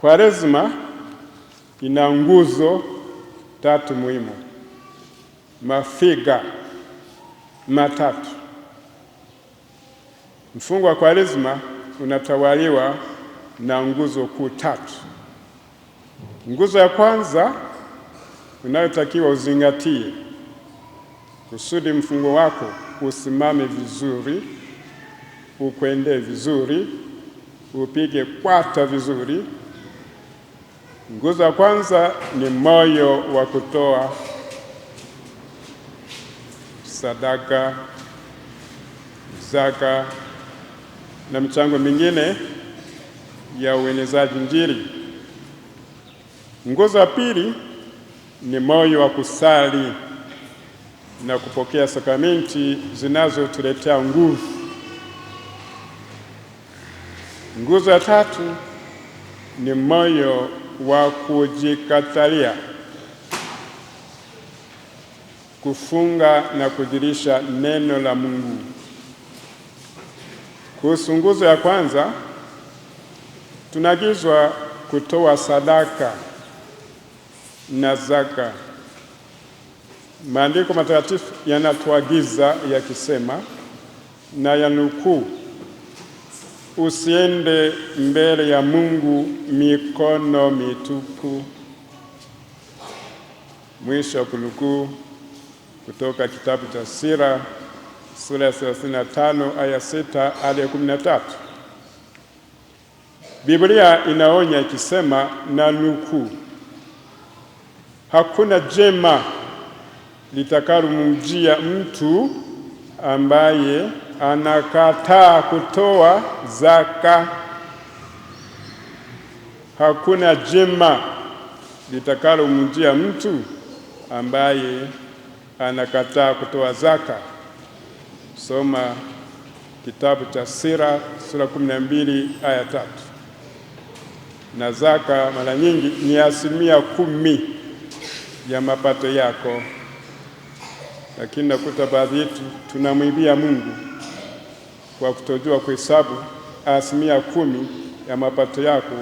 Kwaresma ina nguzo tatu muhimu, mafiga matatu. Mfungo wa Kwaresma unatawaliwa na nguzo kuu tatu. Nguzo ya kwanza unayotakiwa uzingatie kusudi mfungo wako usimame vizuri, ukwende vizuri, upige kwata vizuri Nguzo ya kwanza ni moyo wa kutoa sadaka, zaka na michango mingine ya uenezaji Injili. Nguzo ya pili ni moyo wa kusali na kupokea sakramenti zinazotuletea nguvu. Nguzo ya tatu ni moyo wa kujikatalia kufunga na kudirisha neno la Mungu. Kuhusu nguzo ya kwanza, tunagizwa kutoa sadaka na zaka. Maandiko matakatifu yanatuagiza yakisema, na yanukuu usiende mbele ya Mungu mikono mitupu. Mwisho wa kunukuu kutoka kitabu cha Sira sura ya 35 aya 6 hadi 13. Biblia inaonya ikisema, na nukuu, hakuna jema litakalomjia mtu ambaye anakataa kutoa zaka. Hakuna jema litakalomjia mtu ambaye anakataa kutoa zaka. Soma kitabu cha Sira sura kumi na mbili aya tatu. Na zaka mara nyingi ni asilimia kumi ya mapato yako, lakini nakuta baadhi yetu tunamwibia Mungu kwa kutojua kuhesabu asilimia kumi ya mapato yako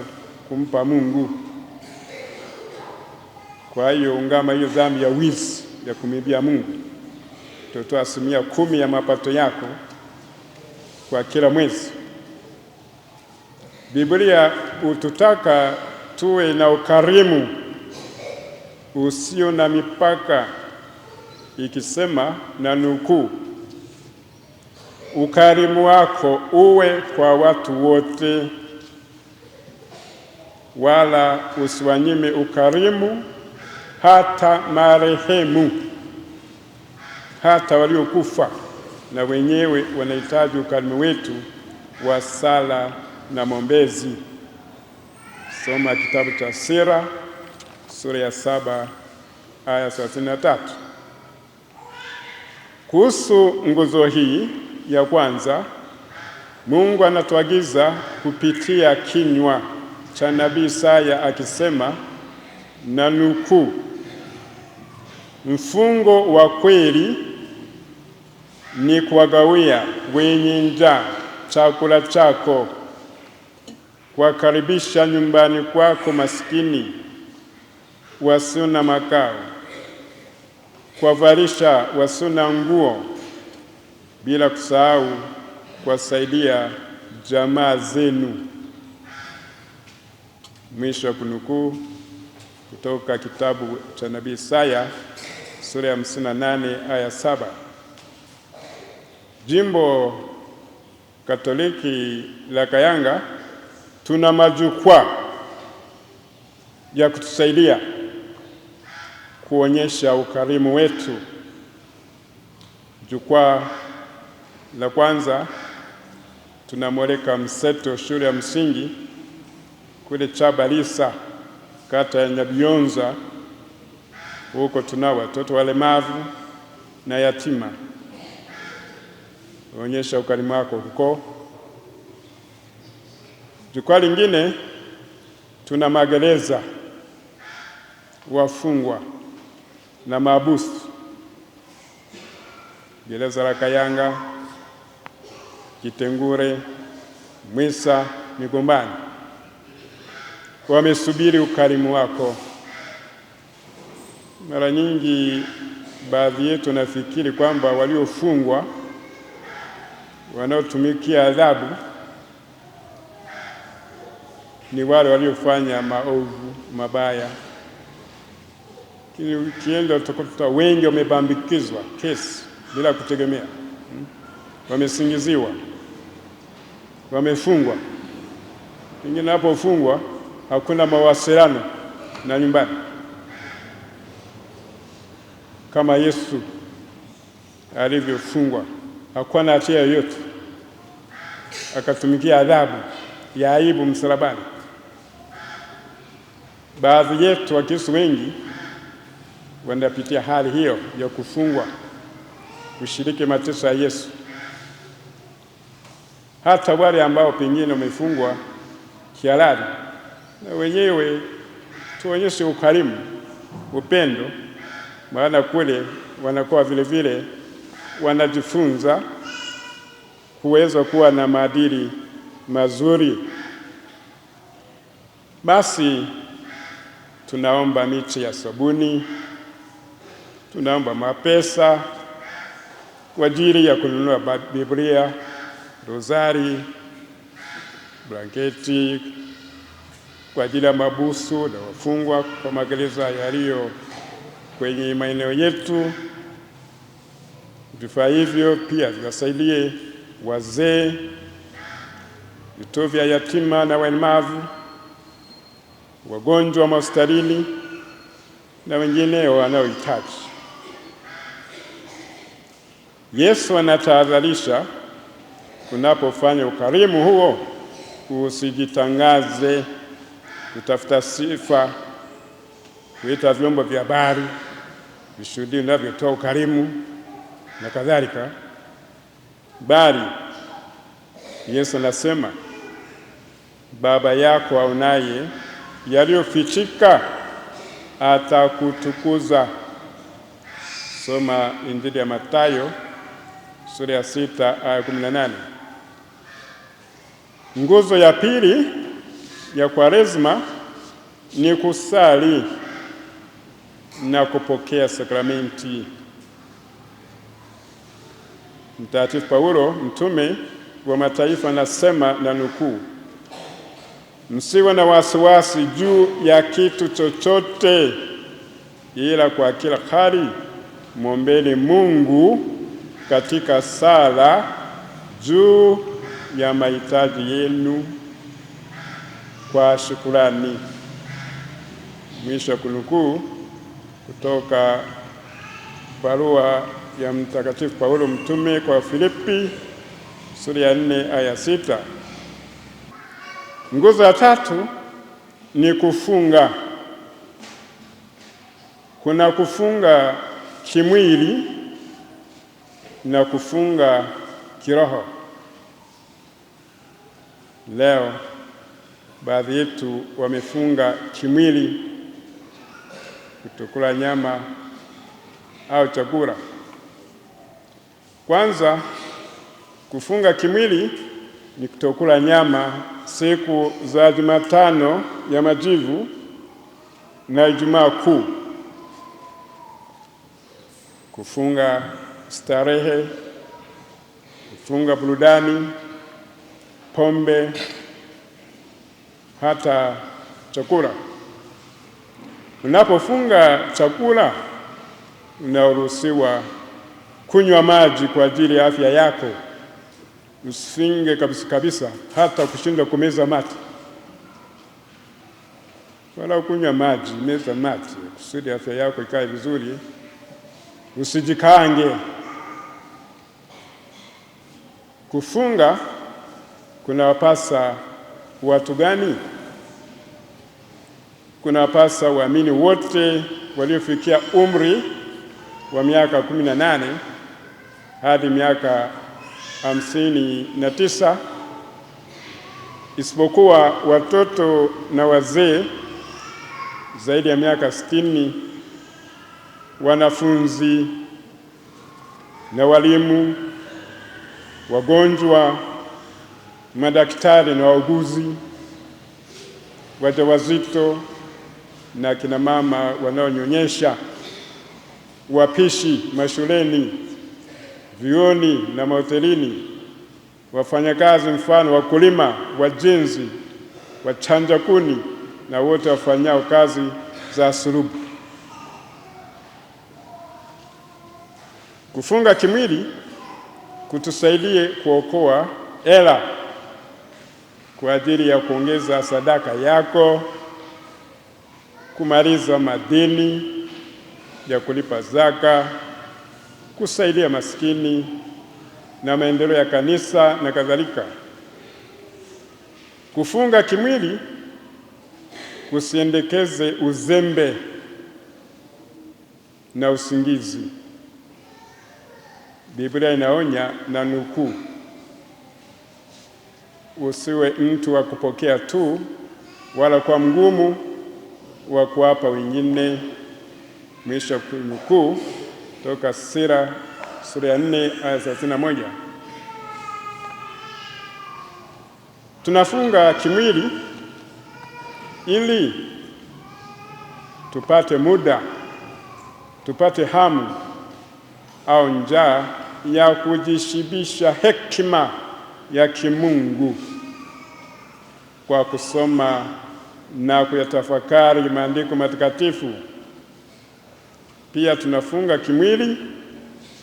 kumpa Mungu. Kwa hiyo ungama hiyo dhambi ya wizi ya kumibia Mungu, totoa asilimia kumi ya mapato yako kwa kila mwezi. Biblia ututaka tuwe na ukarimu usio na mipaka, ikisema na nukuu ukarimu wako uwe kwa watu wote, wala usiwanyime ukarimu hata marehemu, hata waliokufa na wenyewe wanahitaji ukarimu wetu wa sala na mombezi. Soma kitabu cha Sira sura ya saba aya 33. Kuhusu nguzo hii ya kwanza, Mungu anatuagiza kupitia kinywa cha nabii Isaya akisema, na nukuu, mfungo wa kweli ni kuwagawia wenye njaa chakula chako, kuwakaribisha nyumbani kwako masikini wasio na makao, kuwavalisha wasio na nguo bila kusahau kuwasaidia jamaa zenu. Mwisho wa kunukuu kutoka kitabu cha nabii Isaya sura ya 58 aya saba. Jimbo Katoliki la Kayanga tuna majukwaa ya kutusaidia kuonyesha ukarimu wetu. Jukwaa la kwanza tunamweleka mseto shule ya msingi kule Chabalisa kata ya Nyabionza. Huko tunao watoto walemavu na yatima. Onyesha ukarimu wako huko. Jukwaa lingine tuna magereza, wafungwa na maabusu, gereza la Kayanga Kitengure, Mwisa, Migombani wamesubiri ukarimu wako. Mara nyingi baadhi yetu nafikiri kwamba waliofungwa wanaotumikia adhabu ni wale waliofanya maovu mabaya, lakini ukienda utakuta wengi wamebambikizwa kesi bila kutegemea, hmm? wamesingiziwa wamefungwa, pengine napofungwa hakuna mawasiliano na nyumbani kama Yesu alivyofungwa. Hakuwa na hatia yoyote, akatumikia adhabu ya aibu msalabani. Baadhi yetu Wakristo wengi wanapitia hali hiyo ya kufungwa, kushiriki mateso ya Yesu hata wale ambao pengine wamefungwa kihalali, na wenyewe tuonyeshe ukarimu, upendo, maana kule wanakuwa vile vile wanajifunza kuweza kuwa na maadili mazuri. Basi tunaomba miche ya sabuni, tunaomba mapesa kwa ajili ya kununua Biblia rozari, blanketi kwa ajili ya mabusu na wafungwa kwa magereza yaliyo kwenye maeneo yetu. Vifaa hivyo pia viwasaidie wazee, vituo vya yatima na walemavu, wagonjwa mahospitalini na wengineo wanaohitaji. Yesu anatahadharisha Unapofanya ukarimu huo, usijitangaze kutafuta sifa, kuita vyombo vya habari vishuhudie unavyotoa ukarimu na kadhalika, bali Yesu anasema Baba yako aonaye yaliyofichika atakutukuza. Soma Injili ya Mathayo sura ya sita aya kumi na Nguzo ya pili ya Kwaresma ni kusali na kupokea sakramenti. Mtakatifu Paulo mtume wa mataifa anasema na nukuu, msiwe na wasiwasi juu ya kitu chochote, ila kwa kila hali mwombeni Mungu katika sala juu ya mahitaji yenu kwa shukurani. Mwisho kunukuu kutoka barua ya Mtakatifu Paulo mtume kwa Filipi sura ya 4 aya sita. Nguzo ya tatu ni kufunga. Kuna kufunga kimwili na kufunga kiroho. Leo baadhi yetu wamefunga kimwili kutokula nyama au chakula. Kwanza, kufunga kimwili ni kutokula nyama siku za Jumatano ya Majivu na Ijumaa Kuu. Kufunga starehe, kufunga burudani pombe, hata chakula. Unapofunga chakula, unaruhusiwa kunywa maji kwa ajili ya afya yako. Usinge kabisa kabisa, hata kushindwa kumeza mate wala kunywa maji, meza mate kusudi afya yako ikae vizuri. Usijikange kufunga kuna wapasa watu gani? Kuna wapasa waamini wote waliofikia umri wa miaka kumi na nane hadi miaka hamsini na tisa isipokuwa watoto na wazee zaidi ya miaka sitini, wanafunzi na walimu, wagonjwa madaktari na wauguzi, wajawazito na kina mama wanaonyonyesha, wapishi mashuleni, vioni na mahotelini, wafanyakazi mfano wakulima, wajenzi, wachanja kuni na wote wafanyao kazi za sulubu. Kufunga kimwili kutusaidie kuokoa ela kwa ajili ya kuongeza sadaka yako, kumaliza madeni ya kulipa zaka, kusaidia maskini na maendeleo ya kanisa na kadhalika. Kufunga kimwili kusiendekeze uzembe na usingizi. Biblia inaonya na nukuu usiwe mtu wa kupokea tu, wala kwa mgumu wa kuwapa wengine. Mwisho wa kunukuu toka Sira sura ya 4 aya 31. Tunafunga kimwili ili tupate muda, tupate hamu au njaa ya kujishibisha hekima ya kimungu kwa kusoma na kuyatafakari maandiko matakatifu. Pia tunafunga kimwili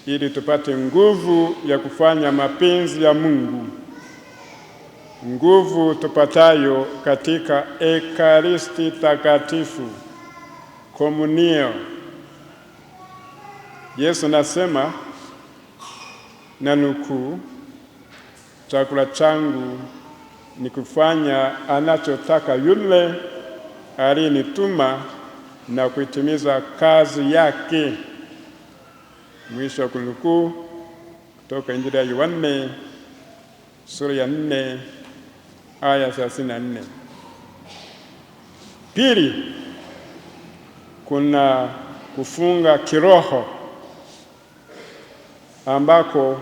ili tupate nguvu ya kufanya mapenzi ya Mungu, nguvu tupatayo katika Ekaristi Takatifu, komunio. Yesu nasema na nukuu chakula changu ni kufanya anachotaka yule aliyenituma na kuitimiza kazi yake. Mwisho wa kunukuu kutoka Injili ya Yohane sura ya 4 aya 34 Pili, kuna kufunga kiroho ambako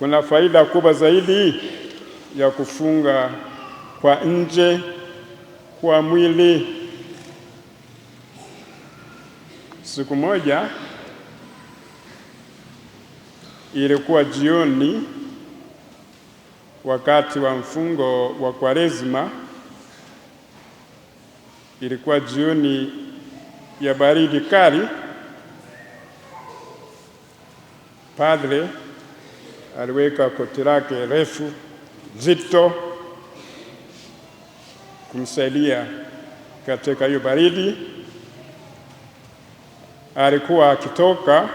kuna faida kubwa zaidi ya kufunga kwa nje kwa mwili. Siku moja ilikuwa jioni, wakati wa mfungo wa Kwaresma, ilikuwa jioni ya baridi kali. Padre aliweka koti lake refu zito kumsaidia katika hiyo baridi. Alikuwa akitoka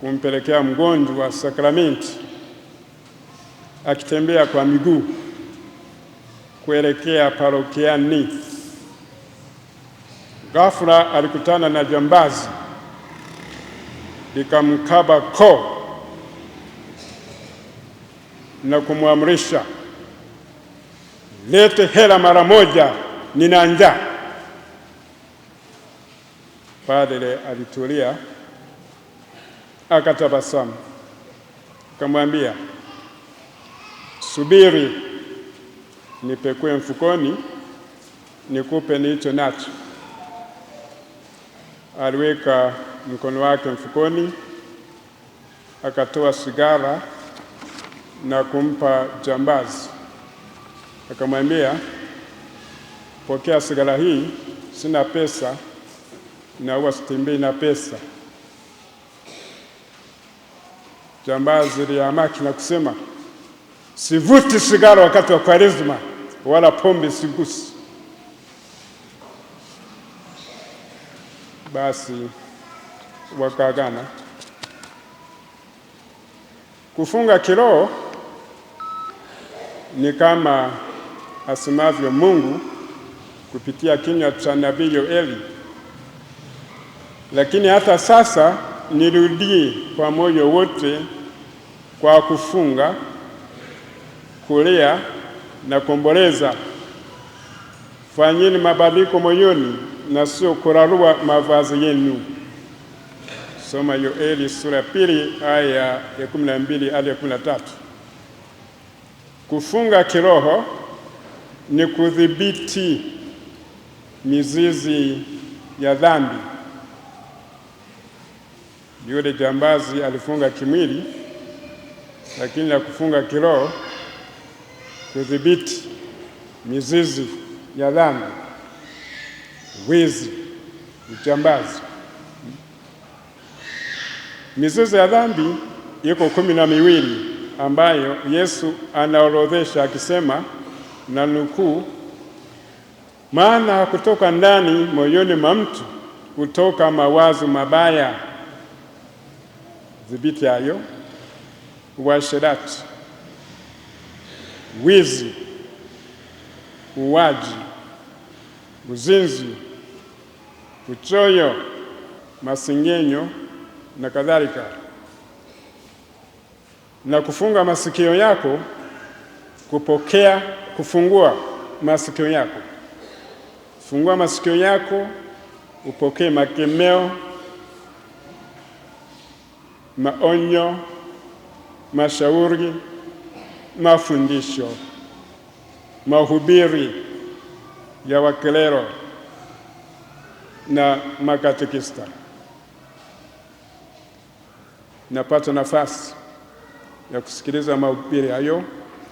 kumpelekea mgonjwa sakramenti, akitembea kwa miguu kuelekea parokiani. Ghafla alikutana na jambazi likamkaba koo na kumwamrisha, lete hela mara moja, nina njaa. Padre alitulia akatabasamu, akamwambia, subiri nipekue mfukoni nikupe nilicho nacho. Aliweka mkono wake mfukoni akatoa sigara na kumpa jambazi, akamwambia, pokea sigara hii, sina pesa na huwa sitembei na pesa. Jambazi liamaki na kusema, sivuti sigara wakati wa Kwaresma, wala pombe sigusi. Basi wakaagana. Kufunga kiroho ni kama asemavyo Mungu kupitia kinywa cha nabii Yoeli. Lakini hata sasa nirudie kwa moyo wote kwa kufunga, kulia na kuomboleza. Fanyeni mabadiliko moyoni na sio kurarua mavazi yenu. Soma Yoeli sura pili aya ya 12 na hadi 13. kumi Kufunga kiroho ni kudhibiti mizizi ya dhambi. Yule jambazi alifunga kimwili, lakini la kufunga kiroho kudhibiti mizizi ya dhambi, wizi, ujambazi. Mizizi ya dhambi iko kumi na miwili ambayo Yesu anaorodhesha akisema, na nukuu, maana kutoka ndani moyoni mwa mtu kutoka mawazo mabaya, dhibiti hayo, uasherati, wizi, uwaji, uzinzi, uchoyo, masengenyo na kadhalika na kufunga masikio yako kupokea, kufungua masikio yako, fungua masikio yako upokee makemeo, maonyo, mashauri, mafundisho, mahubiri ya wakelero na makatekista. Napata nafasi ya kusikiliza mahubiri hayo.